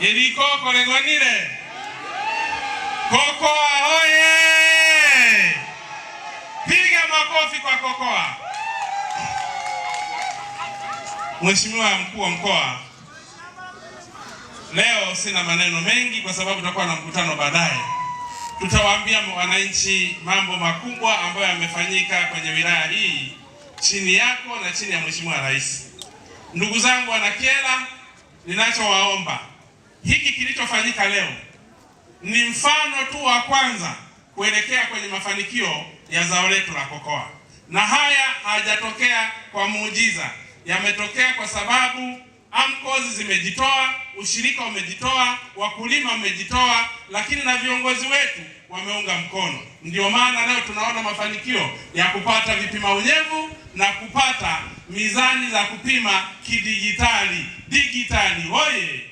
yelikokolegonile kokoa hoye! Piga makofi kwa kokoa. Mheshimiwa mkuu wa mkoa, leo sina maneno mengi kwa sababu tutakuwa na mkutano baadaye. Tutawaambia wananchi mambo makubwa ambayo yamefanyika kwenye wilaya hii chini yako na chini ya Mheshimiwa Rais. Ndugu zangu wanakiela ninachowaomba hiki kilichofanyika leo ni mfano tu wa kwanza kuelekea kwenye mafanikio ya zao letu la kokoa, na haya hayajatokea kwa muujiza, yametokea kwa sababu AMCOS zimejitoa, ushirika umejitoa, wakulima wamejitoa, lakini na viongozi wetu wameunga mkono. Ndio maana leo tunaona mafanikio ya kupata vipima unyevu na kupata mizani za kupima kidijitali. digitali oye!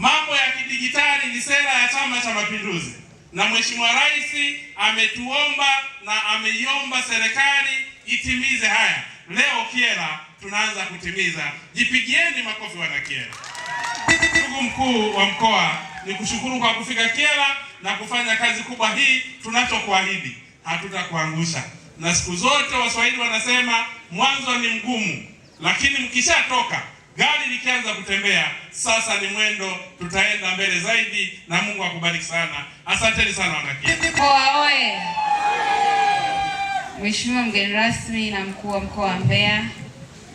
Mambo ya kidijitali ni sera ya Chama cha Mapinduzi, na Mheshimiwa Rais ametuomba na ameiomba serikali itimize haya. Leo Kyela tunaanza kutimiza. Jipigieni makofi wana Kyela. Ndugu mkuu wa mkoa, ni kushukuru kwa kufika Kyela na kufanya kazi kubwa hii. Tunachokuahidi hatutakuangusha, na siku zote Waswahili wanasema mwanzo ni mgumu, lakini mkishatoka Gari likianza kutembea sasa ni mwendo, tutaenda mbele zaidi, na Mungu akubariki sana. Asanteni sana wanaKiambu. Mheshimiwa mgeni rasmi na mkuu wa mkoa wa Mbeya,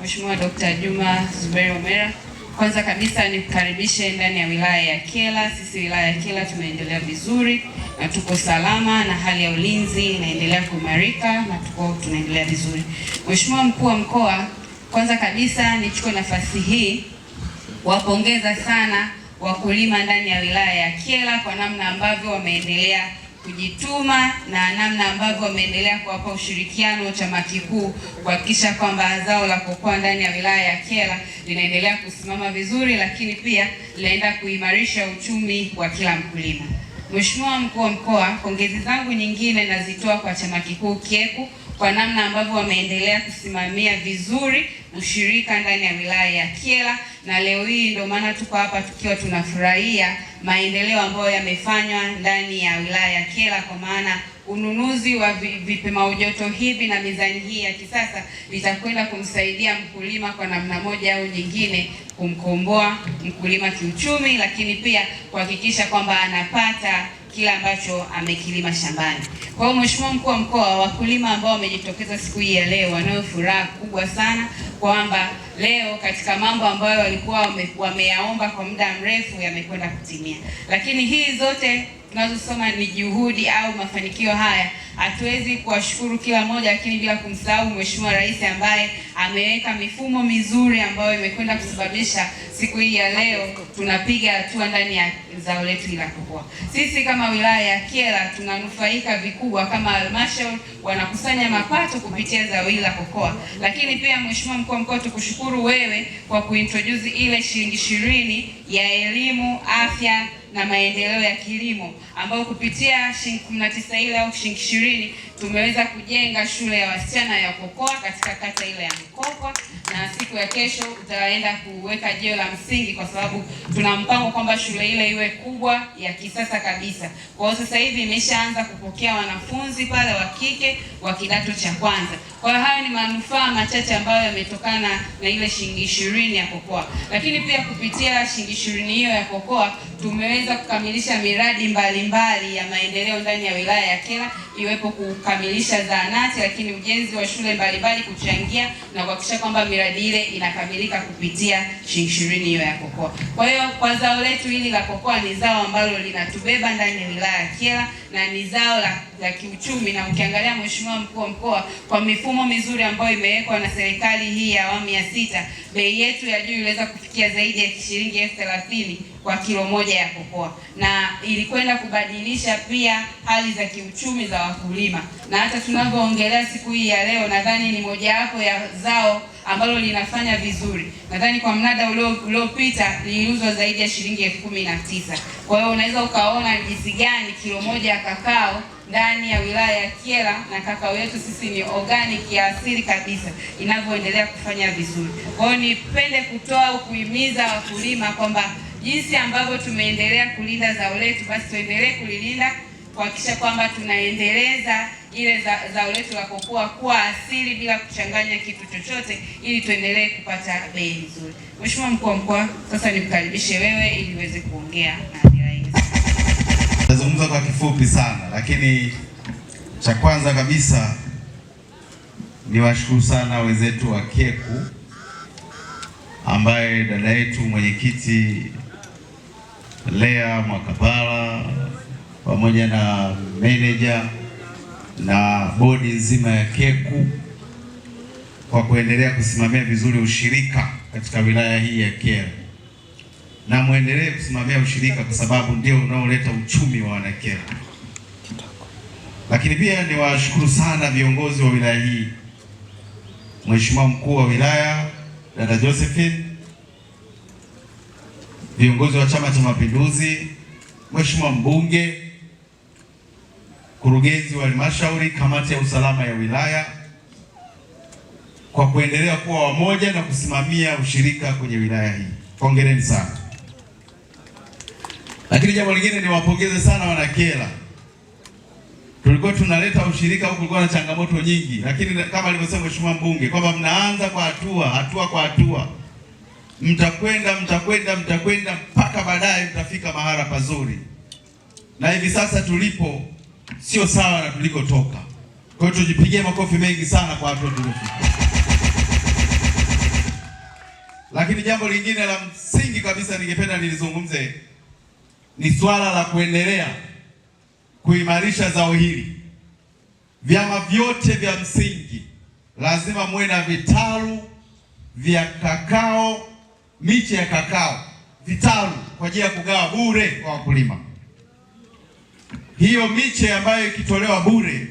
Mheshimiwa Dr. Juma Zuberi Omera, kwanza kabisa nikukaribishe ndani ya wilaya ya Kyela. Sisi wilaya ya Kyela tunaendelea vizuri na tuko salama na hali ya ulinzi inaendelea kuimarika na tuko tunaendelea vizuri. Mheshimiwa mkuu wa mkoa kwanza kabisa nichukue nafasi hii wapongeza sana wakulima ndani ya wilaya ya Kyela kwa namna ambavyo wameendelea kujituma na namna ambavyo wameendelea kuwapa ushirikiano chama kikuu kuhakikisha kwamba zao la kokoa ndani ya wilaya ya Kyela linaendelea kusimama vizuri, lakini pia linaenda kuimarisha uchumi wa kila mkulima. Mheshimiwa mkuu wa mkoa, pongezi zangu nyingine nazitoa kwa chama kikuu KYECU kwa namna ambavyo wameendelea kusimamia vizuri ushirika ndani ya wilaya ya Kyela, na leo hii ndio maana tuko hapa tukiwa tunafurahia maendeleo ambayo yamefanywa ndani ya wilaya ya Kyela kwa maana ununuzi wa vipima ujoto hivi na mizani hii ya kisasa vitakwenda kumsaidia mkulima kwa namna moja au nyingine, kumkomboa mkulima kiuchumi, lakini pia kuhakikisha kwamba anapata kila ambacho amekilima shambani. Kwa hiyo Mheshimiwa Mkuu wa Mkoa, wakulima ambao wamejitokeza siku hii ya leo wanayo furaha kubwa sana kwamba leo katika mambo ambayo walikuwa wameyaomba kwa muda mrefu yamekwenda kutimia. Lakini hii zote tunazosoma ni juhudi au mafanikio haya, hatuwezi kuwashukuru kila mmoja, lakini bila kumsahau Mheshimiwa Rais ambaye ameweka mifumo mizuri ambayo imekwenda kusababisha siku hii ya leo tunapiga hatua ndani ya zao letu hili Sisi kama wilaya ya Kyela tunanufaika vikubwa, kama halmashauri wanakusanya mapato kupitia zao hili la kokoa, lakini pia Mheshimiwa mkuu wa mkoa, tukushukuru wewe kwa kuintroduce ile shilingi ishirini ya elimu afya na maendeleo ya kilimo ambayo kupitia shilingi kumi na tisa ile au shilingi ishirini tumeweza kujenga shule ya wasichana ya Kokoa katika kata ile ya mkokwa na siku ya kesho utaenda kuweka jiwe la msingi, kwa sababu tuna mpango kwamba shule ile iwe kubwa ya kisasa kabisa. Kwa hiyo sasa hivi imeshaanza kupokea wanafunzi pale wa kike wa kidato cha kwanza. Kwa haya ni manufaa machache ambayo yametokana na ile shilingi ishirini ya kokoa, lakini pia kupitia shilingi ishirini hiyo ya kokoa tumeweza kukamilisha miradi mbalimbali mbali ya maendeleo ndani ya wilaya ya Kyela iwepo kukamilisha zahanati, lakini ujenzi wa shule mbalimbali kuchangia na kuhakikisha kwamba miradi ile inakamilika kupitia shilingi ishirini hiyo ya kokoa. Kwa hiyo kwa zao letu hili la kokoa ni zao ambalo linatubeba ndani ya wilaya ya Kyela na ni zao la, la kiuchumi na ukiangalia, Mheshimiwa Mkuu wa Mkoa, kwa mifumo mizuri ambayo imewekwa na serikali hii ya awamu ya sita, bei yetu ya juu iliweza kufikia zaidi ya shilingi elfu thelathini kwa kilo moja ya kokoa, na ilikwenda kubadilisha pia hali za kiuchumi za wakulima, na hata tunavyoongelea siku hii ya leo, nadhani ni mojawapo ya zao ambalo linafanya vizuri. Nadhani kwa mnada uliopita liliuzwa zaidi ya shilingi elfu kumi na tisa. Kwa hiyo unaweza ukaona jinsi gani kilo moja ya kakao ndani ya wilaya ya Kyela na kakao yetu sisi ni organic ya asili kabisa inavyoendelea kufanya vizuri. Kwa hiyo nipende kutoa kuhimiza wakulima kwamba jinsi ambavyo tumeendelea kulinda zao letu, basi tuendelee kulilinda kuhakikisha kwamba tunaendeleza ile za, zao letu la kokoa kuwa asili bila kuchanganya kitu chochote, ili tuendelee kupata bei nzuri. Mheshimiwa mkuu wa mkoa, sasa nimkaribishe wewe ili uweze kuongea na hadhira Nazungumza kwa kifupi sana, lakini cha kwanza kabisa niwashukuru sana wenzetu wa keku ambaye dada yetu mwenyekiti Lea Mwakabala pamoja na meneja na bodi nzima ya keku kwa kuendelea kusimamia vizuri ushirika katika wilaya hii ya Kyela, na muendelee kusimamia ushirika kwa sababu ndio unaoleta uchumi wa Wanakyela. Lakini pia ni washukuru sana viongozi wa wilaya hii, Mheshimiwa mkuu wa wilaya dada Josephine viongozi wa Chama cha Mapinduzi, Mheshimiwa mbunge, mkurugenzi wa halmashauri, kamati ya usalama ya wilaya, kwa kuendelea kuwa wamoja na kusimamia ushirika kwenye wilaya hii. Hongereni sana. Lakini jambo lingine niwapongeze sana wanakela. Tulikuwa tunaleta ushirika huku, kulikuwa na changamoto nyingi, lakini kama alivyosema Mheshimiwa mbunge kwamba mnaanza kwa hatua hatua kwa hatua mtakwenda mtakwenda mtakwenda mpaka baadaye mtafika mahala pazuri. Na hivi sasa tulipo sio sawa na tulikotoka. Kwa hiyo tujipigie makofi mengi sana kwa watu tuliofika. Lakini jambo lingine la msingi kabisa ningependa nilizungumze ni swala la kuendelea kuimarisha zao hili. Vyama vyote vya msingi lazima muwe na vitalu vya kakao miche ya kakao, vitalu kwa ajili ya kugawa bure kwa wakulima. Hiyo miche ambayo ikitolewa bure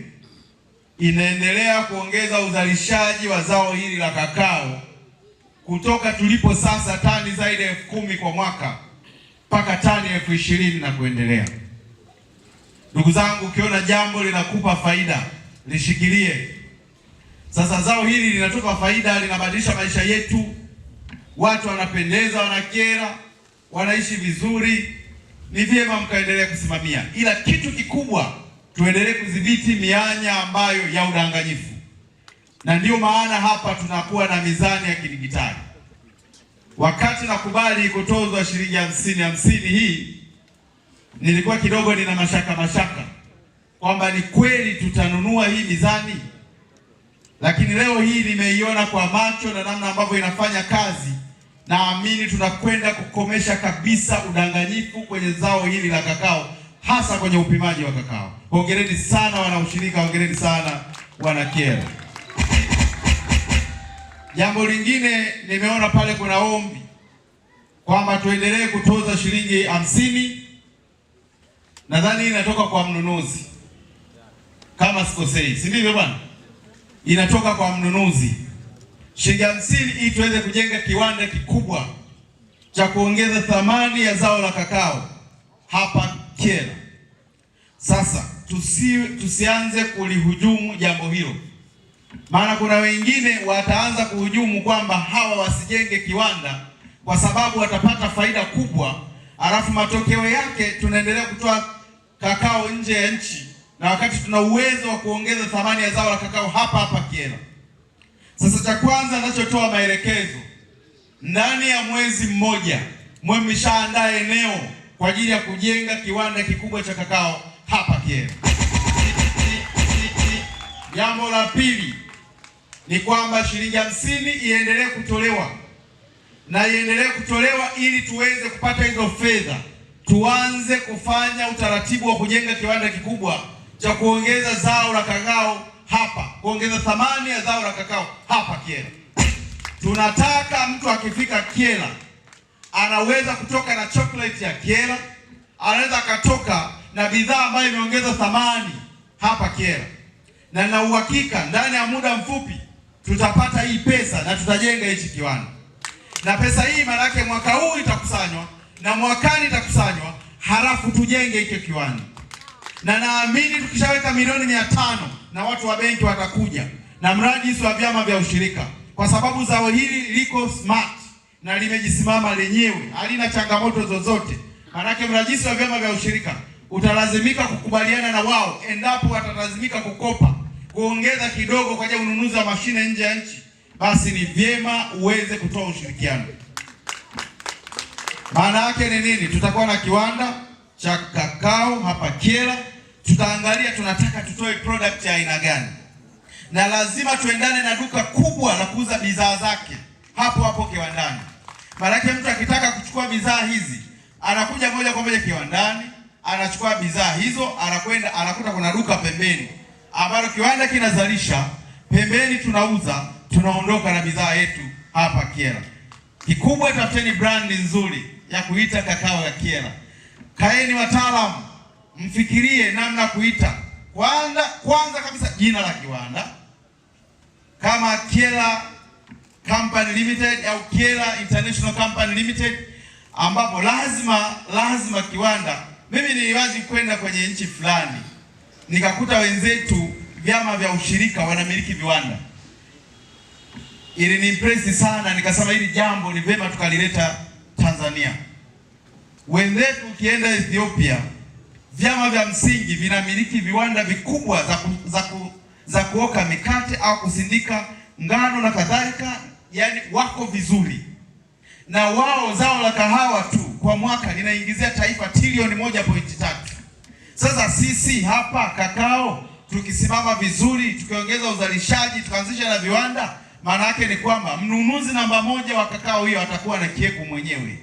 inaendelea kuongeza uzalishaji wa zao hili la kakao kutoka tulipo sasa tani zaidi ya elfu kumi kwa mwaka mpaka tani elfu ishirini na kuendelea. Ndugu zangu, ukiona jambo linakupa faida lishikilie. Sasa zao hili linatupa faida, linabadilisha maisha yetu watu wanapendeza, wanakera, wanaishi vizuri, ni vyema mkaendelea kusimamia, ila kitu kikubwa tuendelee kudhibiti mianya ambayo ya udanganyifu, na ndiyo maana hapa tunakuwa na mizani ya kidigitali. Wakati nakubali kutozwa shilingi hamsini hamsini hii, nilikuwa kidogo nina mashaka mashaka kwamba ni kweli tutanunua hii mizani, lakini leo hii nimeiona kwa macho na namna ambavyo inafanya kazi Naamini tunakwenda kukomesha kabisa udanganyifu kwenye zao hili la kakao, hasa kwenye upimaji wa kakao. Hongereni sana wanaushirika, hongereni sana wanakyela. Jambo lingine nimeona pale kuna ombi kwamba tuendelee kutoza shilingi hamsini, nadhani inatoka kwa mnunuzi kama sikosei, si ndivyo bwana? Inatoka kwa mnunuzi shilingi hamsini ili tuweze kujenga kiwanda kikubwa cha kuongeza thamani ya zao la kakao hapa Kyela. Sasa tusi, tusianze kulihujumu jambo hilo, maana kuna wengine wataanza kuhujumu kwamba hawa wasijenge kiwanda kwa sababu watapata faida kubwa, alafu matokeo yake tunaendelea kutoa kakao nje ya nchi, na wakati tuna uwezo wa kuongeza thamani ya zao la kakao hapa hapa Kyela. Sasa cha kwanza ninachotoa maelekezo, ndani ya mwezi mmoja mwe mmeshaandaa eneo kwa ajili ya kujenga kiwanda kikubwa cha kakao hapa Kyela. Jambo la pili ni kwamba shilingi hamsini iendelee kutolewa na iendelee kutolewa ili tuweze kupata hizo fedha, tuanze kufanya utaratibu wa kujenga kiwanda kikubwa cha kuongeza zao la kakao hapa kuongeza thamani ya zao la kakao hapa Kyela. Tunataka mtu akifika Kyela anaweza kutoka na chocolate ya Kyela, anaweza akatoka na bidhaa ambayo imeongeza thamani hapa Kyela, na na uhakika ndani ya muda mfupi tutapata hii pesa na tutajenga hichi kiwanda, na pesa hii maana yake mwaka huu itakusanywa na mwakani itakusanywa, halafu tujenge hicho kiwanda na naamini tukishaweka milioni mia tano na watu wa benki watakuja na mrajisi wa vyama vya ushirika, kwa sababu zao hili liko smart na limejisimama lenyewe, halina changamoto zozote. Manake mrajisi wa vyama vya ushirika utalazimika kukubaliana na wao endapo watalazimika kukopa kuongeza kidogo kwa ajili ya ununuzi wa mashine nje ya nchi, basi ni vyema uweze kutoa ushirikiano. Maana yake ni nini? Tutakuwa na kiwanda cha kakao hapa Kyela tutaangalia tunataka tutoe product ya aina gani, na lazima tuendane na duka kubwa la kuuza bidhaa zake hapo hapo kiwandani. Maanake mtu akitaka kuchukua bidhaa hizi anakuja moja kwa moja kiwandani, anachukua bidhaa hizo, anakwenda anakuta kuna duka pembeni ambalo kiwanda kinazalisha, pembeni tunauza, tunaondoka na bidhaa yetu hapa kiela Kikubwa, tafuteni brandi nzuri ya kuita kakao ya kiela Kaeni wataalamu mfikirie namna kuita kwanza, kwanza kabisa jina la kiwanda kama Kyela Company Limited au Kyela International Company Limited, ambapo lazima lazima kiwanda. Mimi niliwahi kwenda kwenye nchi fulani nikakuta wenzetu vyama vya ushirika wanamiliki viwanda. ili Iliniimpresi sana, nikasema hili jambo ni vema tukalileta Tanzania. Wenzetu ukienda Ethiopia vyama vya msingi vinamiliki viwanda vikubwa za, ku, za, ku, za kuoka mikate au kusindika ngano na kadhalika, yani wako vizuri na wao. Zao la kahawa tu kwa mwaka linaingizia taifa trilioni moja pointi tatu. Sasa sisi hapa kakao, tukisimama vizuri, tukiongeza uzalishaji, tukaanzisha na viwanda, maana yake ni kwamba mnunuzi namba moja wa kakao hiyo atakuwa na kieku mwenyewe.